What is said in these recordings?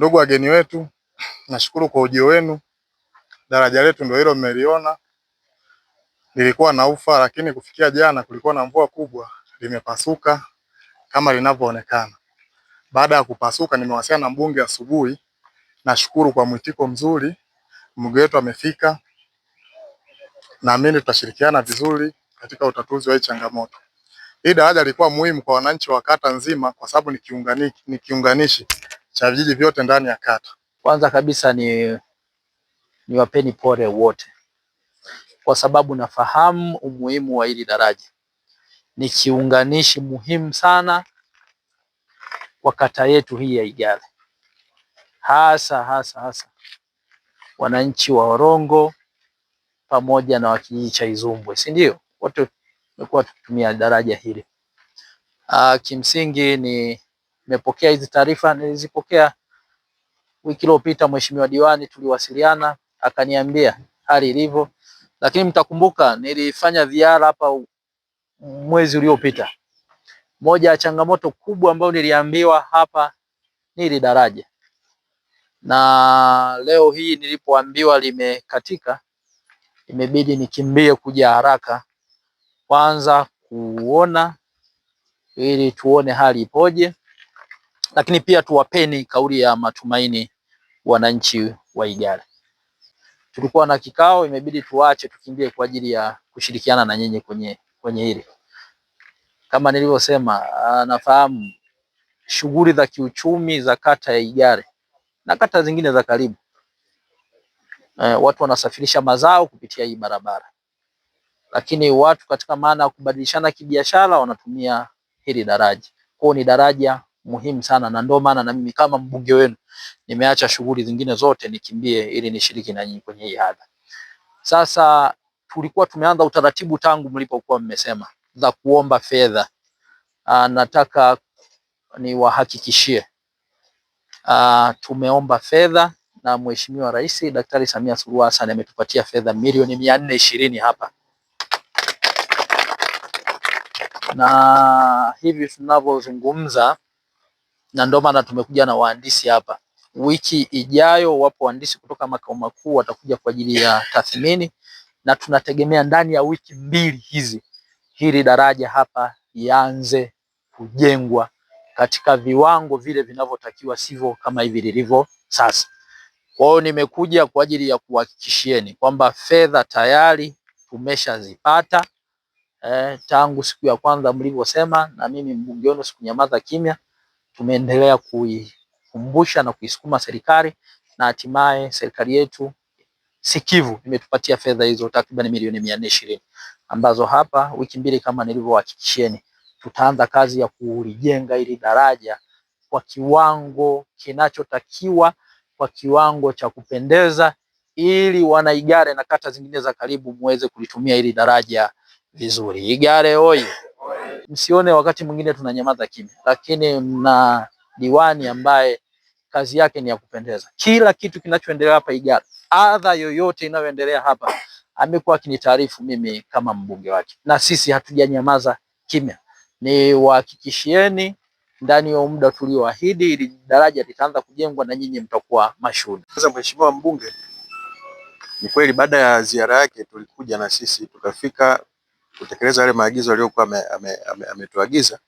Ndugu wageni wetu, nashukuru kwa ujio wenu. Daraja letu ndio hilo mmeliona, lilikuwa na ufa, lakini kufikia jana kulikuwa na mvua kubwa, limepasuka kama linavyoonekana. Baada ya kupasuka, nimewasiliana na mbunge asubuhi. Nashukuru kwa mwitiko mzuri, mbunge wetu amefika. Naamini tutashirikiana vizuri katika utatuzi wa hii changamoto. Hii daraja lilikuwa muhimu kwa wananchi wa kata nzima, kwa sababu ni kiunganishi cha vijiji vyote ndani ya kata. Kwanza kabisa ni niwapeni pole wote, kwa sababu nafahamu umuhimu wa hili daraja. Ni kiunganishi muhimu sana kwa kata yetu hii ya Igale, hasa hasa hasa wananchi wa Orongo pamoja na wakijiji cha Izumbwe, si ndio? Wote tumekuwa tukitumia daraja hili. Aa, ah, kimsingi ni nimepokea hizi taarifa, nilizipokea wiki iliyopita, mheshimiwa diwani, tuliwasiliana akaniambia hali ilivyo, lakini mtakumbuka nilifanya ziara hapa mwezi uliopita. Moja ya changamoto kubwa ambayo niliambiwa hapa ni ile daraja, na leo hii nilipoambiwa limekatika, imebidi nikimbie kuja haraka kwanza kuona ili tuone hali ipoje, lakini pia tuwapeni kauli ya matumaini wananchi wa Igala. Tulikuwa na kikao, imebidi tuache tukimbie kwa ajili ya kushirikiana na nyinyi kwenye, kwenye hili. Kama nilivyosema, ah, nafahamu shughuli za kiuchumi za kata ya Igala na kata zingine za karibu e, watu wanasafirisha mazao kupitia hii barabara, lakini watu katika maana ya kubadilishana kibiashara wanatumia hili daraja. Kwao ni daraja muhimu sana, na ndio maana na mimi kama mbunge wenu nimeacha shughuli zingine zote nikimbie ili nishiriki na nyinyi kwenye hii hadha. Sasa tulikuwa tumeanza utaratibu tangu mlipokuwa mmesema za kuomba fedha. Ah, nataka niwahakikishie ah, tumeomba fedha na Mheshimiwa Rais Daktari Samia Suluhu Hassan ametupatia fedha milioni mia nne ishirini hapa na hivi tunavyozungumza na ndio maana tumekuja na waandisi hapa. Wiki ijayo wapo waandisi kutoka makao makuu watakuja kwa ajili ya tathmini, na tunategemea ndani ya wiki mbili hizi hili daraja hapa lianze kujengwa katika viwango vile vinavyotakiwa, sivyo kama hivi lilivyo sasa. Kwa hiyo nimekuja kwa ajili ya kuhakikishieni kwamba fedha tayari tumeshazipata eh, tangu siku ya kwanza mlivyosema, na mimi mbunge wenu sikunyamaza kimya tumeendelea kuikumbusha na kuisukuma serikali na hatimaye serikali yetu sikivu imetupatia fedha hizo takriban milioni mia nne ishirini ambazo hapa wiki mbili kama nilivyohakikishieni, tutaanza kazi ya kulijenga ili daraja kwa kiwango kinachotakiwa, kwa kiwango cha kupendeza, ili wanaigare na kata zingine za karibu muweze kulitumia ili daraja vizuri. Igare oye! msione wakati mwingine tunanyamaza kimya, lakini mna diwani ambaye kazi yake ni ya kupendeza. Kila kitu kinachoendelea hapa Igara, adha yoyote inayoendelea hapa, amekuwa akinitaarifu mimi kama mbunge wake, na sisi hatujanyamaza kimya. Ni wahakikishieni ndani ya muda tulioahidi, ili daraja litaanza kujengwa na nyinyi mtakuwa mashuhuda. Sasa mheshimiwa mbunge, ni kweli baada ya ziara yake tulikuja na sisi tukafika kutekeleza yale maagizo aliyokuwa ametuagiza ame,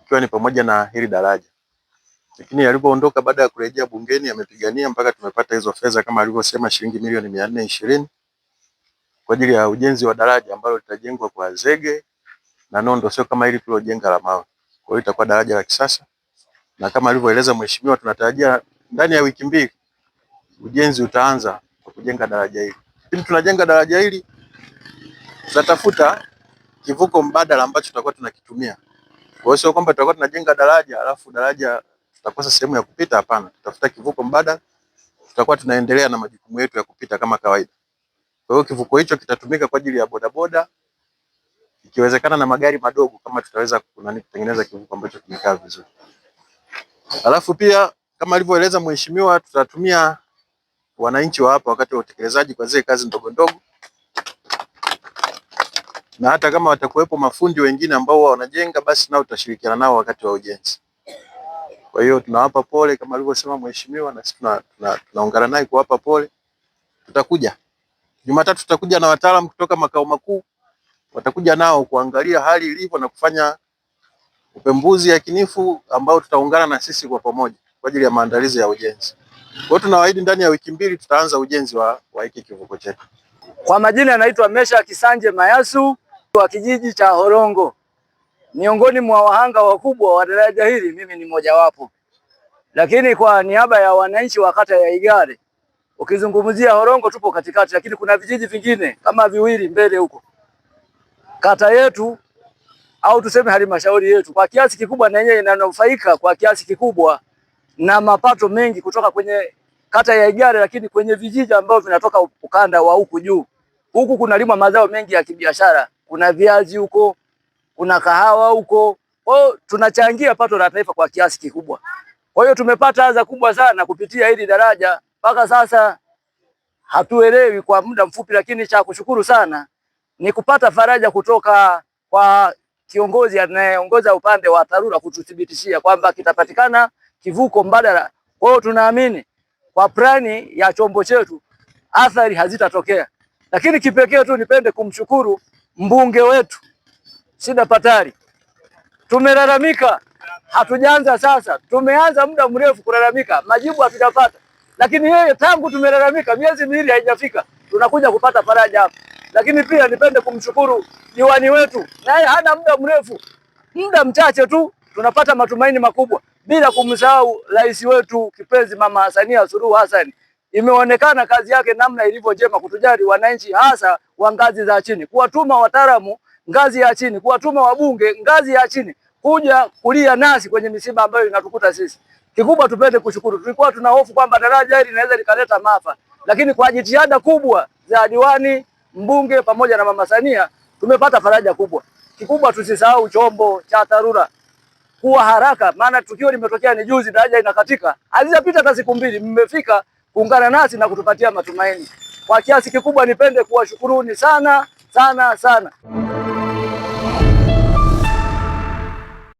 ame ikiwa ni pamoja na hili daraja. Lakini alipoondoka baada ya kurejea bungeni amepigania mpaka tumepata hizo fedha kama alivyosema shilingi milioni mia nne ishirini kwa ajili ya ujenzi wa daraja ambalo litajengwa kwa zege na nondo, sio kama hili tulojenga la mawe. Kwa hiyo itakuwa daraja la kisasa, na kama alivyoeleza mheshimiwa, tunatarajia ndani ya wiki mbili ujenzi utaanza kwa kujenga daraja hili. Lakini tunajenga daraja hili tutatafuta kivuko mbadala ambacho tutakuwa tunakitumia. Kwa hiyo sio kwamba tutakuwa tunajenga daraja alafu daraja tutakosa sehemu ya kupita, hapana. Tutafuta kivuko mbadala, tutakuwa tunaendelea na majukumu yetu ya kupita kama kawaida. Kwa hiyo kivuko hicho kitatumika kwa ajili ya bodaboda, ikiwezekana na magari madogo, kama tutaweza kunani kutengeneza kivuko ambacho kimekaa vizuri. Alafu pia kama alivyoeleza mheshimiwa, tutatumia wananchi wa hapa wakati wa utekelezaji kwa zile kazi ndogo ndogo na hata kama watakuwepo mafundi wengine ambao wanajenga, basi nao tutashirikiana nao wakati wa ujenzi. Kwa hiyo tunawapa pole kama alivyosema mheshimiwa, na sisi tunaungana naye kuwapa pole. Tutakuja Jumatatu, tutakuja na wataalamu kutoka makao makuu, watakuja nao kuangalia hali ilivyo na kufanya upembuzi yakinifu ambao tutaungana na sisi kwa pamoja kwa ajili ya maandalizi ya ujenzi. Kwa hiyo tunawaahidi ndani ya wiki mbili tutaanza ujenzi wa hiki kivuko chetu. Kwa majina anaitwa Mesha Kisanje Mayasu wa kijiji cha Horongo. Miongoni mwa wahanga wakubwa wa daraja hili mimi ni mmoja wapo, lakini kwa niaba ya wananchi wa kata ya Igare, ukizungumzia Horongo tupo katikati, lakini kuna vijiji vingine kama viwili mbele huko. Kata yetu au tuseme halmashauri yetu kwa kiasi kikubwa na yenyewe inanufaika kwa kiasi kikubwa na mapato mengi kutoka kwenye kata ya Igare, lakini kwenye vijiji ambavyo vinatoka ukanda wa huku juu. Huku kunalimwa mazao mengi ya kibiashara kuna viazi huko, kuna kahawa huko. Kwa hiyo tunachangia pato la taifa kwa kiasi kikubwa. Kwa hiyo tumepata adha kubwa sana kupitia hili daraja mpaka sasa hatuelewi kwa muda mfupi, lakini cha kushukuru sana ni kupata faraja kutoka kwa kiongozi anayeongoza upande wa TARURA kututhibitishia kwamba kitapatikana kivuko mbadala. Kwa hiyo tunaamini kwa plani ya chombo chetu athari hazitatokea, lakini kipekee tu nipende kumshukuru mbunge wetu Sida Patari, tumelalamika, hatujaanza sasa, tumeanza muda mrefu kulalamika, majibu hatujapata. Lakini yeye tangu tumelalamika miezi miwili haijafika, tunakuja kupata faraja hapa. Lakini pia nipende kumshukuru diwani wetu, naye hana muda mrefu, muda mchache tu tunapata matumaini makubwa, bila kumsahau rais wetu kipenzi Mama Samia Suluhu Hassan. Imeonekana kazi yake namna ilivyo jema kutujali wananchi, hasa wa ngazi za chini, kuwatuma wataalamu ngazi ya chini, kuwatuma wabunge ngazi ya chini kuja kulia nasi kwenye misiba ambayo inatukuta sisi. Kikubwa tupende kushukuru. Tulikuwa tuna hofu kwamba daraja hili linaweza likaleta maafa, lakini kwa jitihada kubwa za diwani, mbunge pamoja na mama Samia tumepata faraja kubwa. Kikubwa tusisahau chombo cha TARURA kuwa haraka, maana tukio limetokea ni juzi, daraja inakatika, hazijapita hata siku mbili, mmefika kuungana nasi na kutupatia matumaini. Kwa kiasi kikubwa nipende kuwashukuruni sana sana sana.